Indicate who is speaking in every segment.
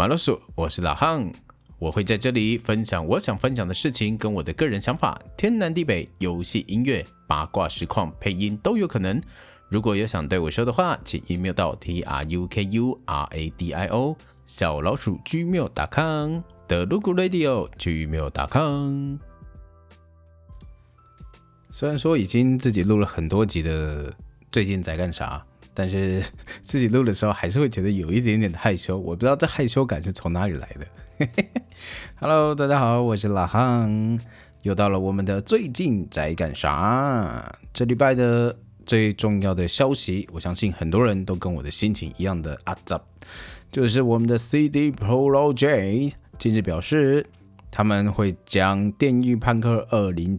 Speaker 1: 馬老鼠，我是老漢，我會在這裡分享我想分享的事情跟我的個人想法，天南地北，遊戲、音樂、八卦、實況、配音都有可能。如果有想對我說的話，請 email 到 trukuradio 小老鼠 gmail.com 德魯固 Radio gmail.com。雖然說已經自己錄了很多集的，最近在幹啥？但是自己錄的時候還是會覺得有一點點的害羞，我不知道這害羞感是從哪裡來的。 Hello，大家好，我是老漢，又到了我們的最近宅幹啥？這禮拜的最重要的消息，我相信很多人都跟我的心情一樣的阿扎、啊，就是我們的 CD Projekt 今日表示他們會將《電馭叛客2077》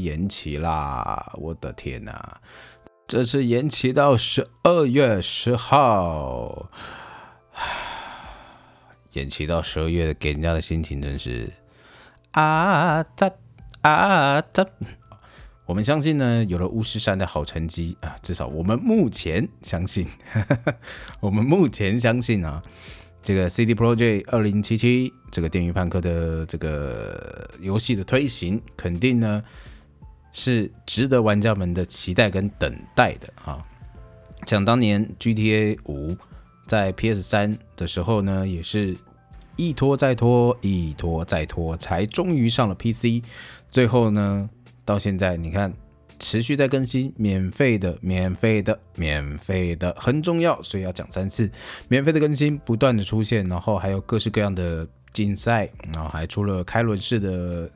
Speaker 1: 延期啦！我的天哪、啊！這次延期到十二月十號唉，延期到十二月，給人家的心情真是啊，咋啊咋？啊啊啊我們相信呢，有了巫師三的好成績啊，至少我們目前相信，呵呵我們目前相信啊，這個 CD Project 二零七七，這個電馭叛客的這個遊戲的推行，肯定呢。是值得玩家們的期待跟等待的啊！想當年 GTA 五在 PS 三的時候呢，也是一拖再拖，一拖再拖，才終於上了 PC。最後呢，到現在你看，持續在更新，免費的，免費的，免費的很重要，所以要講三次免費的更新不斷的出現，然後還有各式各樣的競賽，然後還出了開輪式的。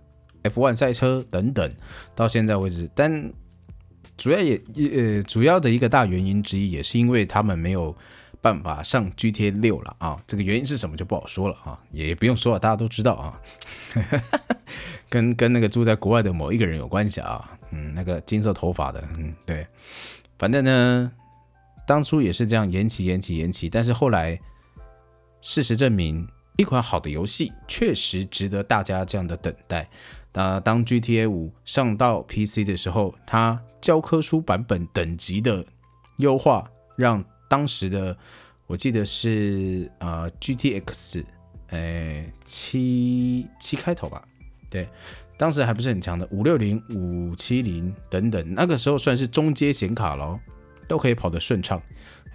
Speaker 1: F1 賽車等等，到現在為止，但主要也也、呃、主要的一個大原因之一，也是因為他們沒有辦法上 GT 六了啊。這個原因是什麼就不好說了啊，也不用說了，大家都知道啊， 跟跟那個住在國外的某一個人有關係啊。嗯，那個金色頭髮的，嗯，對，反正呢，當初也是這樣延期、延期、延期，但是後來事實證明。一款好的遊戲確實值得大家這樣的等待。那當 GTA 五上到 PC 的時候，它教科書版本等級的優化，讓當時的我記得是啊、呃、GTX 哎、欸、七七開頭吧，對，當時還不是很強的五六零五七零等等，那個時候算是中階顯卡咯。都可以跑得順暢。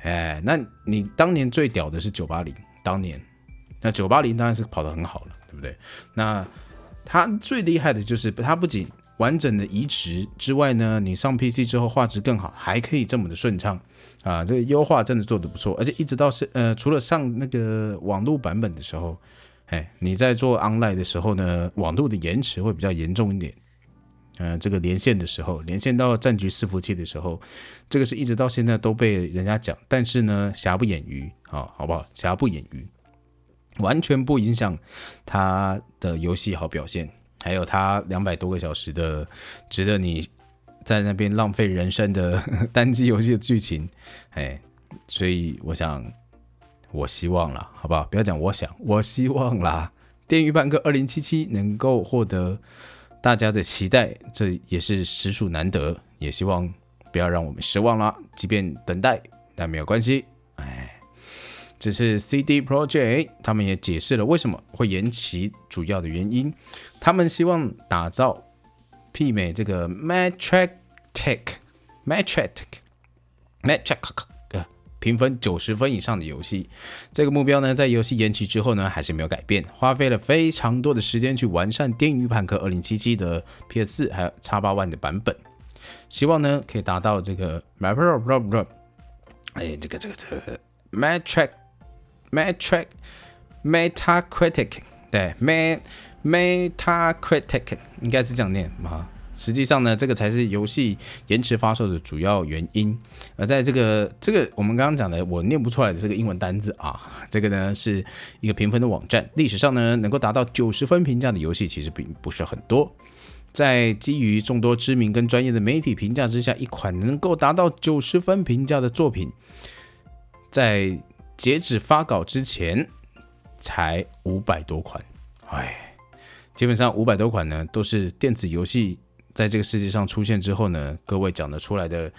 Speaker 1: 哎、欸，那你當年最屌的是九八零，當年。那九八零當然是跑得很好了，對不對？那它最厲害的就是它不僅完整的移植之外呢，你上 PC 之後畫質更好，還可以這麼的順暢啊！這個優化真的做得不錯，而且一直到是呃，除了上那個網絡版本的時候，哎，你在做 online 的時候呢，網絡的延遲會比較嚴重一點。嗯、呃，這個連線的時候，連線到戰局伺服器的時候，這個是一直到現在都被人家講，但是呢，瑕不掩瑜啊，好不好？瑕不掩瑜。完全不影響他的遊戲好表現，還有他兩百多個小時的值得你在那邊浪費人生的 單機遊戲的劇情，哎、欸，所以我想，我希望啦，好不好？不要講我想，我希望啦，《電馭叛客二零七七》能夠獲得大家的期待，這也是實屬難得，也希望不要讓我們失望啦。即便等待，但沒有關係。只是 CD Projekt 他們也解釋了為什麼會延期，主要的原因，他們希望打造媲美這個 Metacritic Metacritic Metacritic Metacritic 的評分九十分以上的遊戲。這個目標呢，在遊戲延期之後呢，還是沒有改變。花費了非常多的時間去完善《電馭叛客二零七七》的 PS 四還有 Xbox One 的版本，希望呢可以達到這個 m y p r o Pro Pro 哎，這個這個這個 Metacritic。這個 Metacritic。Metric, Metacritic，對，Ma，Metacritic 應該是這樣念嗎？實際上呢，這個才是遊戲延遲發售的主要原因。而在這個這個我們剛剛講的我念不出來的這個英文單字啊，這個呢是一個評分的網站。歷史上呢，能夠達到九十分評價的遊戲其實並不是很多。在基於眾多知名跟專業的媒體評價之下，一款能夠達到九十分評價的作品，在截止發稿之前，才五百多款，哎，基本上五百多款呢，都是電子遊戲在這個世界上出現之後呢，各位講得出來的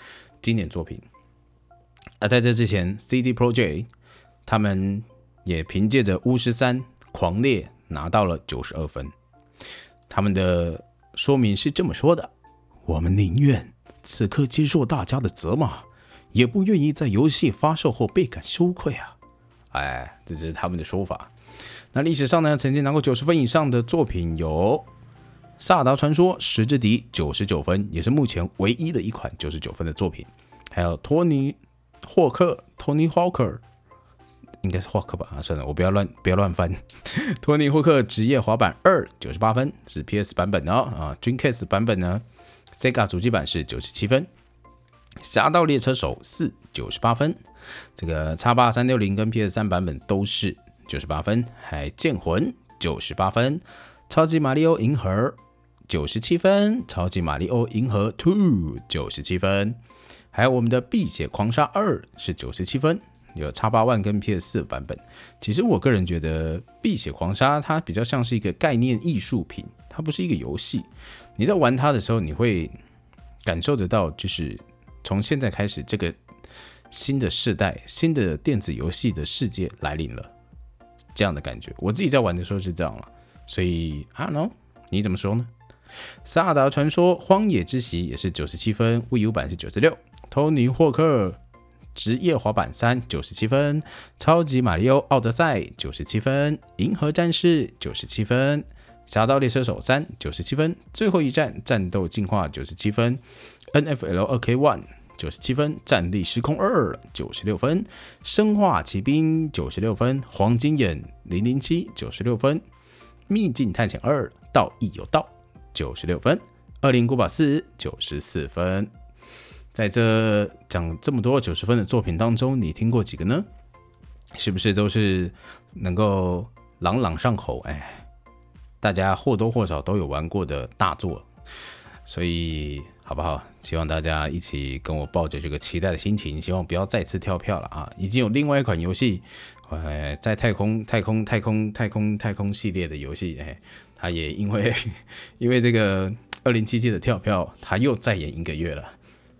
Speaker 1: 經典作品。而在這之前，CD Projekt 他們也憑借着《巫師三：狂獵》拿到了九十二分。他們的說明是這麼說的：“我們寧願此刻接受大家的責罵。”也不願意在遊戲發售後倍感羞愧啊！哎，這只是他們的說法。那歷史上呢，曾經拿過九十分以上的作品有《薩達傳說時之笛》九十九分，也是目前唯一的一款九十九分的作品。還有托《托尼霍克》《托尼霍克》應該是霍克吧？啊，算了，我不要亂，不要亂翻。 《托尼霍克職業滑板二》九十八分是 PS 版本的哦，啊，Dreamcast 版本呢，Sega 主機版是九十七分。俠盜獵車手四九十八分，這個叉八三六零跟 PS 三版本都是九十八分，還劍魂九十八分，超級馬里奧銀河九十七分，超級馬里奧銀河 Two 九十七分，還有我們的碧血狂殺二是九十七分，有叉八萬跟 PS 四版本。其實我個人覺得碧血狂殺它比較像是一個概念藝術品，它不是一個遊戲。你在玩它的時候，你會感受得到，就是。從現在開始，這個新的世代、新的電子遊戲的世界來臨了，這樣的感覺。我自己在玩的時候是這樣了，所以啊龍你怎麼說呢？《薩達傳說：荒野之息》也是九十七分，Wii U 版是九十六。《托尼·霍克職業滑板三》九十七分，《超級馬里奧奧德賽》九十七分，《銀河戰士》九十七分，《俠盜獵車手三》九十七分，《最後一戰：戰鬥進化》九十七分。NFL 2K1 九十七分，戰慄時空二九十六分，生化奇兵九十六分，黃金眼零零七九十六分，秘境探險二盜亦有道九十六分，惡靈古堡四九十四分。在這講這麼多九十分的作品當中，你聽過幾個呢？是不是都是能夠朗朗上口？哎，大家或多或少都有玩過的大作，所以。好不好？希望大家一起跟我抱着這個期待的心情，希望不要再次跳票了啊！已經有另外一款遊戲，呃、哎，在太空太空太空太空太空系列的遊戲，哎，它也因為因為這個二零七七的跳票，它又再延一個月了。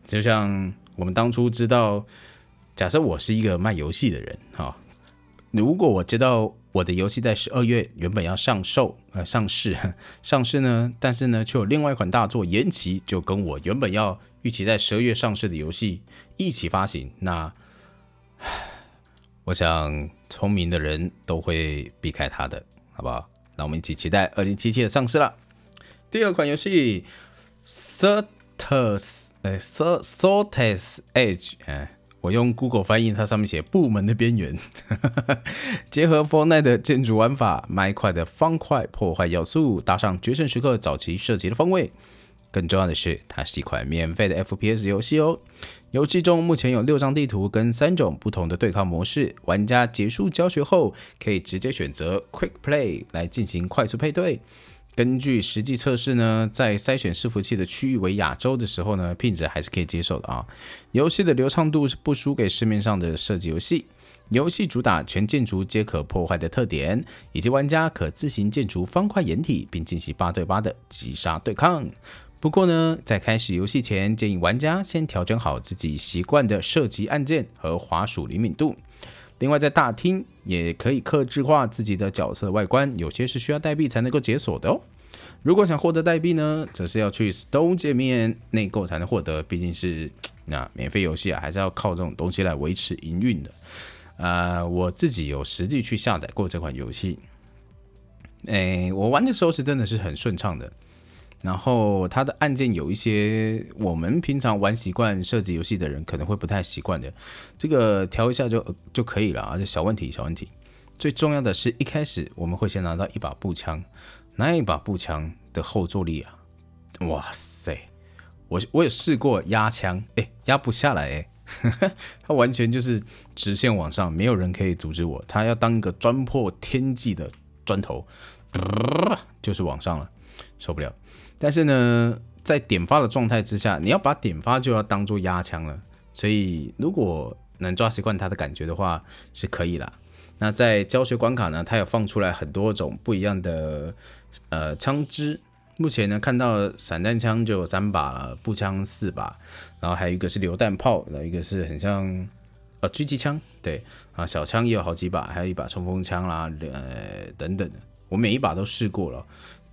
Speaker 1: 就像我們當初知道，假設我是一個賣遊戲的人，哈、哦。如果我知道我的遊戲在十二月原本要上售，呃、上市上市呢，但是呢，卻有另外一款大作延期，就跟我原本要預期在十二月上市的遊戲一起發行，那唉，我想聰明的人都會避開它的，好不好？那我們一起期待二零七七的上市啦。第二款遊戲，Sorceress，哎，Sorceress Edge，欸我用 Google 翻譯，它上面寫“部門的邊緣”。結合 Fortnite 的建築玩法，Minecraft 方塊破壞要素，搭上決勝時刻早期設計的風味。更重要的是，它是一款免費的 FPS 遊戲哦。遊戲中目前有六張地圖跟三種不同的對抗模式。玩家結束教學後，可以直接選擇 Quick Play 來進行快速配對。根據實際測試呢，在篩選伺服器的區域為亞洲的時候呢，ping 值還是可以接受的啊。遊戲的流暢度是不輸給市面上的射擊遊戲。遊戲主打全建築皆可破壞的特點，以及玩家可自行建築方塊掩體，並進行八對八的擊殺對抗。不過呢，在開始遊戲前，建議玩家先調整好自己習慣的射擊按鍵和滑鼠靈敏度。另外，在大廳也可以客製化自己的角色的外觀，有些是需要代幣才能夠解鎖的哦。如果想獲得代幣呢，則是要去 Stone 界面內購才能獲得，畢竟是那免費遊戲啊，還是要靠這種東西來維持營運的、呃。我自己有實際去下載過這款遊戲、欸，我玩的時候是真的是很順暢的。然後它的按鍵有一些我們平常玩習慣射擊遊戲的人可能會不太習慣的，這個調一下就就可以了，啊。這小問題小問題。最重要的是一開始我們會先拿到一把步槍，那一把步槍的後坐力啊，哇塞！我我有試過壓槍，哎、欸，壓不下來哎、欸，它完全就是直線往上，沒有人可以阻止我，它要當一個鑽破天際的磚頭、呃，就是往上了，受不了。但是呢，在點發的狀態之下，你要把點發就要當做壓槍了。所以如果能抓習慣它的感覺的話，是可以啦。那在教學關卡呢，它有放出來很多種不一樣的呃槍支。目前呢，看到散彈槍就有三把，步槍四把，然後還有一個是榴彈炮，然後一個是很像呃狙擊槍，對啊，小槍也有好幾把，還有一把衝鋒槍啦，呃等等。我每一把都試過了。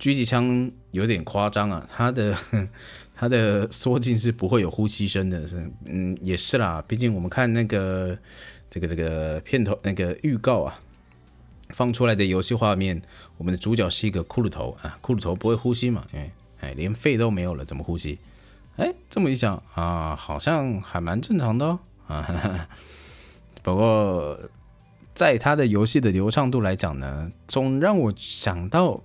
Speaker 1: 狙擊槍有點誇張啊，它的它的縮進是不會有呼吸聲的，嗯也是啦，畢竟我們看那個這個這個片頭那個預告啊，放出來的遊戲畫面，我們的主角是一個骷髏頭啊，骷髏頭不會呼吸嘛，哎、欸、哎、欸、連肺都沒有了怎麼呼吸？哎、欸、這麼一想啊，好像還蠻正常的、哦、啊，哈哈，不過在它的遊戲的流暢度來講呢，總讓我想到。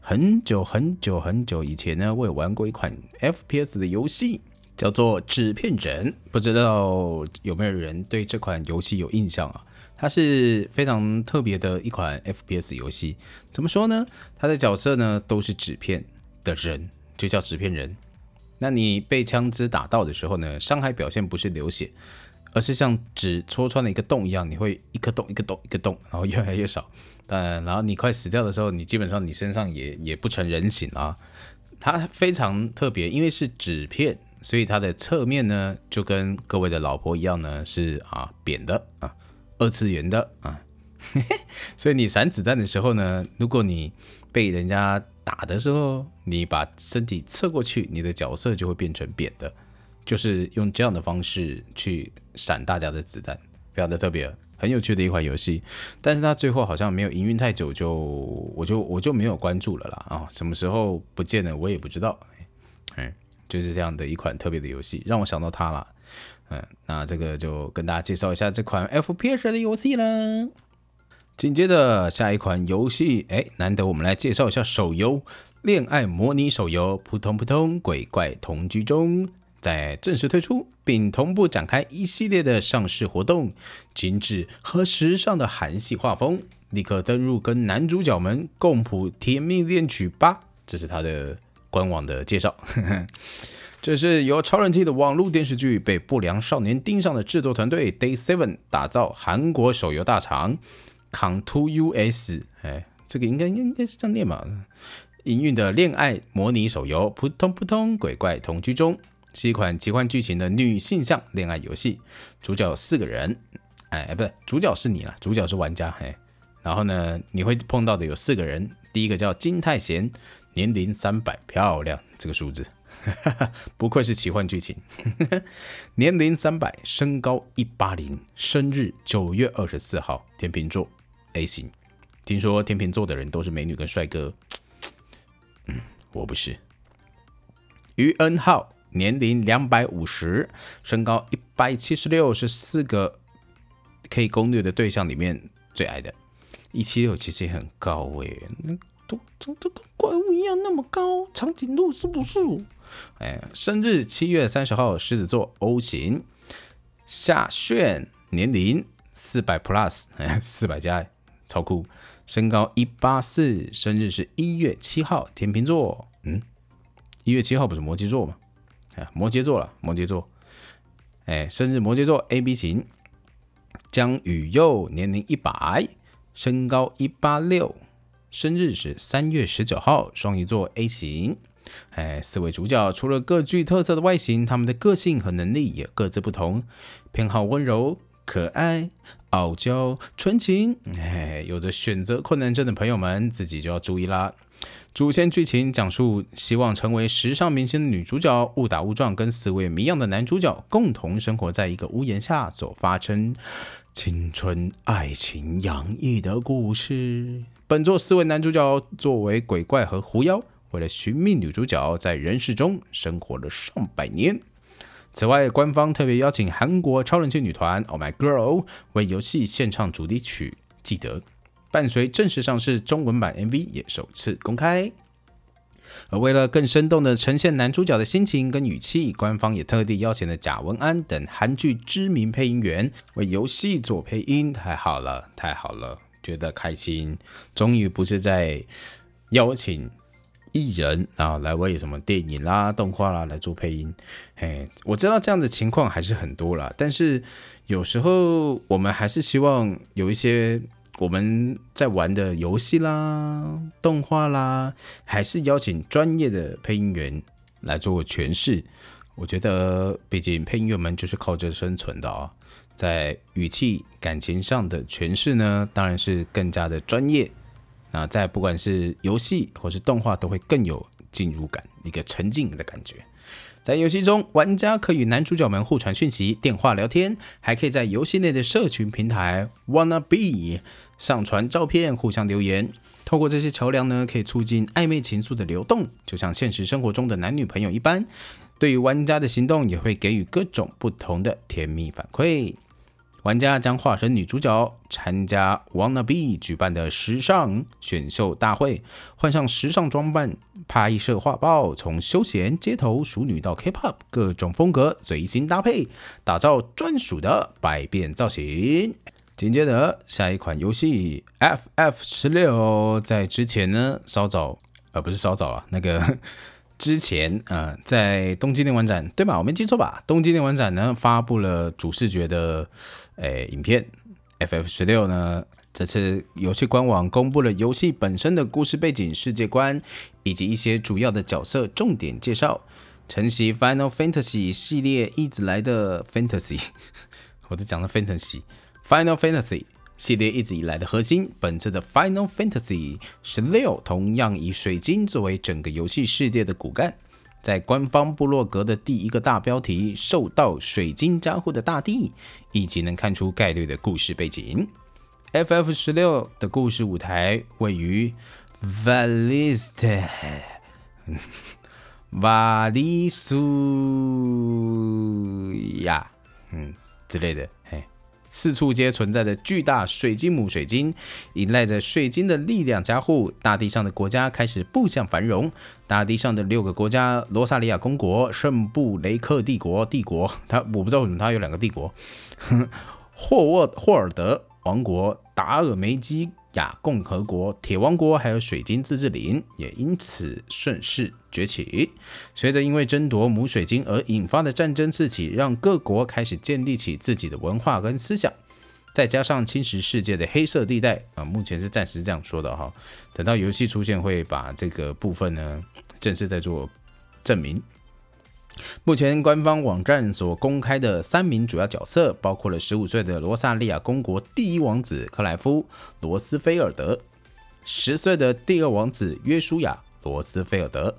Speaker 1: 很久很久很久以前呢，我有玩過一款 FPS 的遊戲，叫做《紙片人》。不知道有沒有人對這款遊戲有印象啊？它是非常特別的一款 FPS 遊戲。怎麼說呢？它的角色呢都是紙片的人，就叫紙片人。那你被槍支打到的時候呢，傷害表現不是流血，而是像紙戳穿了一個洞一樣，你會一個洞一個洞一個洞，然後越來越少。嗯，然後你快死掉的時候，你基本上你身上也也不成人形啊。它非常特別，因為是紙片，所以它的側面呢就跟各位的老婆一樣呢是啊扁的啊，二次元的啊。 所以你閃子彈的時候呢，如果你被人家打的時候，你把身體側過去，你的角色就會變成扁的，就是用這樣的方式去閃大家的子彈，非常的特別。很有趣的一款遊戲，但是它最後好像沒有營運太久，就我就我就沒有關注了啦啊、哦！什麼時候不見了我也不知道，嗯、就是這樣的一款特別的遊戲，讓我想到它了，嗯，那這個就跟大家介紹一下這款 FPS 的遊戲了。緊接着下一款遊戲，哎、欸，難得我們來介紹一下手遊戀愛模擬手遊，撲通撲通，鬼怪同居中。在正式推出，並同步展開一系列的上市活動。精緻和時尚的韓系畫風，立刻登入，跟男主角們共譜甜蜜戀曲吧！這是他的官網的介紹。 這是由超人氣的網絡電視劇被不良少年盯上的製作團隊 Day Seven 打造韓國手遊大廠 Count to Us。哎，這個應該應該是這樣念吧？營運的戀愛模擬手遊，撲通撲通，鬼怪同居中。是一款奇幻劇情的女性向戀愛遊戲，主角有四個人，哎，不是，主角是你啦，主角是玩家，嘿、哎。然後呢，你會碰到的有四個人，第一個叫金泰賢，年齡三百，漂亮，這個數字，哈哈哈，不愧是奇幻劇情， 年齡三百，身高一八零，生日九月二十四號，天秤座，A 型，聽說天秤座的人都是美女跟帥哥，嘖，嗯，我不是，於恩浩。年齡兩百五十，身高一百七十六，是四個可以攻略的對象裡面最矮的。一七六其實也很高誒、欸，都長得跟怪物一樣那麼高，長頸鹿是不是？哎，生日七月三十號，獅子座，O 型。夏炫，年齡四百 plus，哎，四百加，超酷。身高一八四，生日是一月七號，天秤座。嗯，一月七號不是摩羯座嗎？摩羯座了，摩羯座，哎，生日摩羯座 A B 型，江宇佑年齡一百，身高一八六，生日是三月十九號，雙魚座 A 型，哎，四位主角除了各具特色的外形，他們的個性和能力也各自不同，偏好溫柔、可愛、傲嬌、純情，哎，有着選擇困難症的朋友們自己就要注意啦。主線劇情講述希望成為時尚明星的女主角誤打誤撞跟四位謎樣的男主角共同生活在一個屋檐下所發生青春愛情洋溢的故事。本作四位男主角作為鬼怪和狐妖，為了尋覓女主角，在人世中生活了上百年。此外，官方特別邀請韓國超人氣女團 Oh My Girl、哦、為遊戲獻唱主題曲，記得。伴隨正式上市，中文版 MV 也首次公開。而為了更生動的呈現男主角的心情跟語氣，官方也特地邀請了賈文安等韓劇知名配音員為遊戲做配音。太好了，太好了，覺得開心。終於不是在邀請藝人啊來為什麼電影啦、動畫啦來做配音。哎，我知道這樣的情況還是很多啦，但是有時候我們還是希望有一些。我們在玩的遊戲啦、動畫啦，還是邀請專業的配音員來做詮釋。我覺得，畢竟配音員們就是靠着生存的哦，在語氣、感情上的詮釋呢，當然是更加的專業。那在不管是遊戲或是動畫，都會更有進入感，一個沉浸的感覺。在遊戲中，玩家可以與男主角們互傳訊息、電話聊天，還可以在遊戲內的社群平台 Wanna Be 上傳照片、互相留言。透過這些橋樑呢，可以促進曖昧情愫的流動，就像現實生活中的男女朋友一般，對於玩家的行動，也會給予各種不同的甜蜜反饋。玩家將化身女主角，參加 Wanna Be 舉辦的時尚選秀大會，換上時尚裝扮拍攝畫報，從休閒街頭熟女到 K-pop 各種風格隨心搭配，打造專屬的百變造型。緊接着下一款遊戲 FF 十六，在之前呢，稍早呃不是稍早啊，那個。 之前啊、呃，在東京電玩展對吧？我沒記錯吧？東京電玩展呢發布了主視覺的誒、欸、影片，FF 十六呢，這次遊戲官網公布了遊戲本身的故事背景、世界觀以及一些主要的角色重點介紹。承襲 Final Fantasy 系列一直來的 Fantasy， 我都講了 Fantasy Final Fantasy。系列一直以來的核心，本次的《Final Fantasy 十六》同樣以水晶作為整個遊戲世界的骨幹。在官方部落格的第一個大標題“受到水晶加護的大地”以及能看出概略的故事背景，《FF 十六》的故事舞台位於 Valist Valisuya， 嗯之類的，哎。四處皆存在着巨大水晶母水晶，依賴着水晶的力量加護，大地上的國家開始步向繁榮。大地上的六個國家：羅薩利亞公國、聖布雷克帝國、帝國，他我不知道為什麼他有兩個帝國；呵呵霍沃霍爾德王國、達爾梅基。亞共和國、鐵王國還有水晶自治領也因此順勢崛起。隨着因為爭奪母水晶而引發的戰爭四起，讓各國開始建立起自己的文化跟思想。再加上侵蝕世界的黑色地帶啊、呃，目前是暫時這樣說的哈，等到遊戲出現會把這個部分呢正式在做證明。目前官方網站所公開的三名主要角色，包括了十五歲的羅薩利亞公國第一王子克萊夫·羅斯菲爾德，十歲的第二王子約書亞·羅斯菲爾德，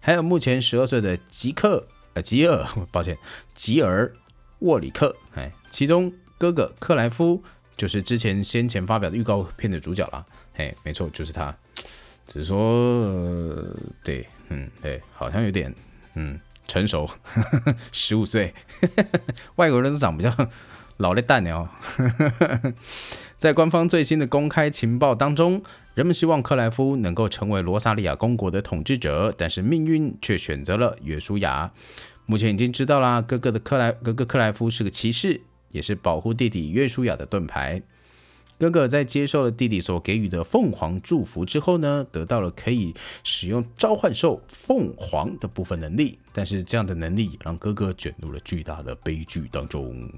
Speaker 1: 還有目前十二歲的吉克，呃，吉爾，抱歉，吉爾·沃里克。哎，其中哥哥克萊夫就是之前先前發表的預告片的主角了。哎，沒錯，就是他。只是說，呃，對，嗯，哎，好像有點，嗯。成熟，十五歲呵呵呵呵，外國人都長比較老，呵呵、哦、呵呵。在官方最新的公開情報當中，人們希望克萊夫能夠成為羅薩利亞公國的統治者，但是命運卻選擇了約書亞。目前已經知道啦，哥哥的克萊，哥哥克萊夫是個騎士，也是保護弟弟約書亞的盾牌。哥哥在接受了弟弟所給予的鳳凰祝福之後呢，得到了可以使用召喚獸鳳凰的部分能力，但是這樣的能力讓哥哥捲入了巨大的悲劇當中。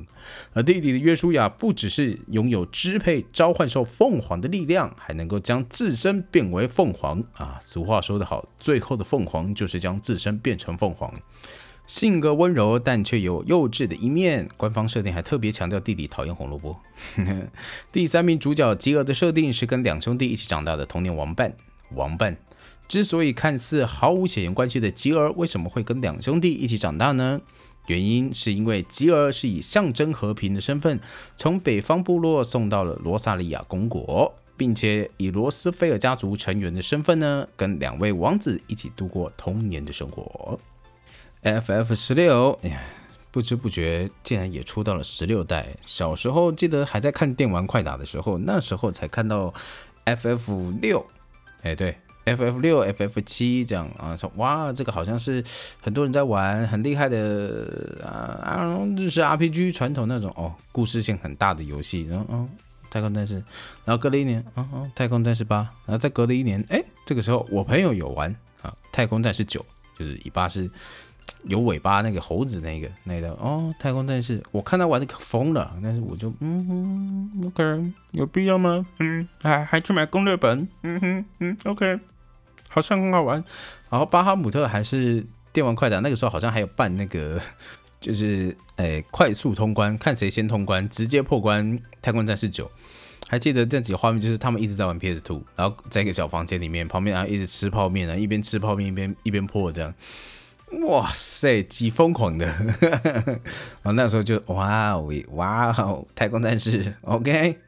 Speaker 1: 而弟弟的約書亞不只是擁有支配召喚獸鳳凰的力量，還能夠將自身變為鳳凰啊！俗話說得好，最後的鳳凰就是將自身變成鳳凰。性格溫柔，但卻有幼稚的一面。官方設定還特別強調弟弟討厭紅蘿蔔。 第三名主角吉爾的設定是跟兩兄弟一起長大的童年玩伴。玩伴之所以看似毫無血緣關係的吉爾，為什麼會跟兩兄弟一起長大呢？原因是因為吉爾是以象徵和平的身份，從北方部落送到了羅薩利亞公國，並且以羅斯菲爾家族成員的身份呢，跟兩位王子一起度過童年的生活。F F 十六，哎，不知不覺竟然也出到了十六代。小時候記得還在看電玩快打的時候，那時候才看到 F F 六，哎，對，F F 六、F F 七這樣啊，說哇，這個好像是很多人在玩，很厲害的啊，就是 R P G 傳統那種哦，故事性很大的遊戲。然後，嗯、哦，太空戰士，然後隔了一年，嗯、哦、嗯、哦，太空戰士八，然後再隔了一年，哎，這個時候我朋友有玩啊，太空戰士九，就是以八是。有尾巴那個猴子，那個，那個那個哦，太空戰士，我看他玩的可瘋了，但是我就嗯哼、嗯，OK，有必要嗎？嗯，還還去買攻略本，嗯哼嗯，OK，好像很好玩。然後巴哈姆特還是電玩快打，那個時候好像還有辦那個，就是哎，欸，快速通關，看誰先通關，直接破關。太空戰士九，還記得這幾個畫面，就是他們一直在玩 PS Two，然後在一個小房間裡面，旁邊啊一直吃泡麵，啊，一邊吃泡麵一邊一邊破這樣。哇塞，幾瘋狂的！哈哈哈，然後那時候就哇哦哇哦，wow, wow, 太空戰士，OK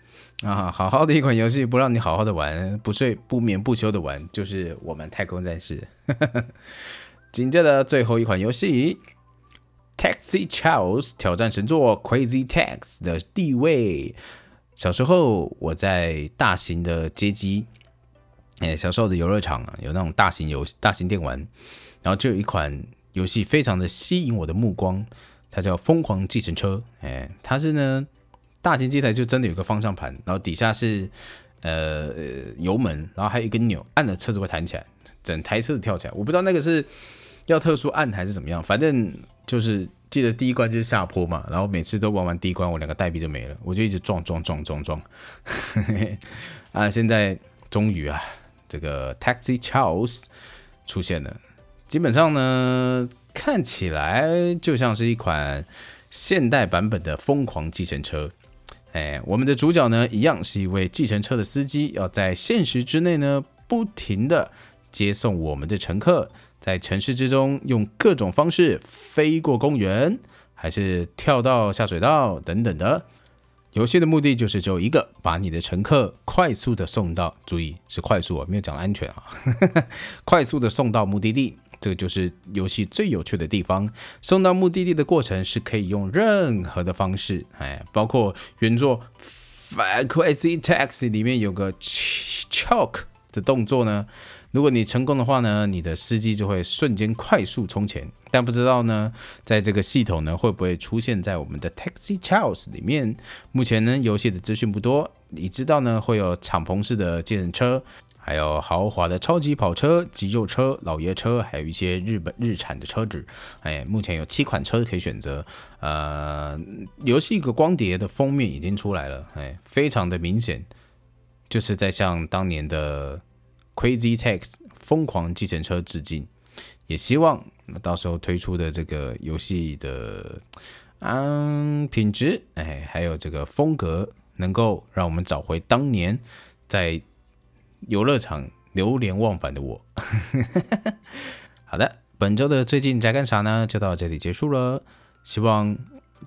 Speaker 1: 啊，好好的一款遊戲，不讓你好好的玩，不睡不眠不休的玩，就是我們太空戰士。哈哈哈，緊接着最後一款遊戲，Taxi Charles 挑戰神作 Crazy Taxi 的地位。小時候我在大型的街機，哎、欸，小時候的遊樂場啊，有那種大型遊大型電玩，然後就有一款。遊戲非常的吸引我的目光，它叫瘋狂計程車，哎、欸，它是呢，大型機台就真的有個方向盤，然後底下是呃、呃油門，然後還有一個鈕，按了車子會彈起來，整台車子跳起來。我不知道那個是要特殊按還是怎麼樣，反正就是記得第一關就是下坡嘛，然後每次都玩完第一關我兩個代幣就沒了，我就一直撞撞撞撞撞、撞， 啊、啊，現在終於啊，這個 Taxi Chaos 出現了。基本上呢，看起來就像是一款現代版本的瘋狂計程車。哎、欸，我們的主角呢，一樣是一位計程車的司機，要在限時之內呢，不停的接送我們的乘客，在城市之中用各種方式飛過公園，還是跳到下水道等等的。遊戲的目的就是只有一個，把你的乘客快速的送到，注意是快速，啊，我沒有講安全啊， 快速的送到目的地。這個就是遊戲最有趣的地方。送到目的地的過程是可以用任何的方式，哎，包括原作《Crazy Taxi》裡面有個 chalk ch 的動作呢。如果你成功的話呢，你的司機就會瞬間快速衝前。但不知道呢，在這個系統呢，會不會出現在我們的 ta《Taxi Chaos》裡面？目前呢，遊戲的資訊不多。你知道呢，會有敞篷式的接人車。還有豪華的超級跑車、肌肉車、老爺車，還有一些日本日產的車子。哎，目前有七款車可以選擇。呃，遊戲一個光碟的封面已經出來了，哎，非常的明顯，就是在向當年的《Crazy Taxi》瘋狂計程車致敬。也希望到時候推出的這個遊戲的，嗯，品質，哎，還有這個風格，能夠讓我們找回當年在。遊樂場流連忘返的我， 好的，本周的最近在幹啥呢？就到這裡結束了。希望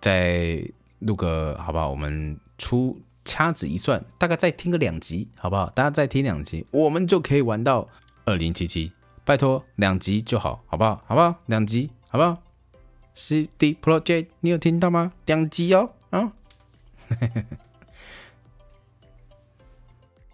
Speaker 1: 再錄個，好不好？我們出掐指一算，大概再聽個兩集，好不好？大家再聽兩集，我們就可以玩到二零七七。拜托，兩集就好，好不好？好不好？兩集，好不好？CD Projekt，你有聽到嗎？兩集哦。啊、嗯！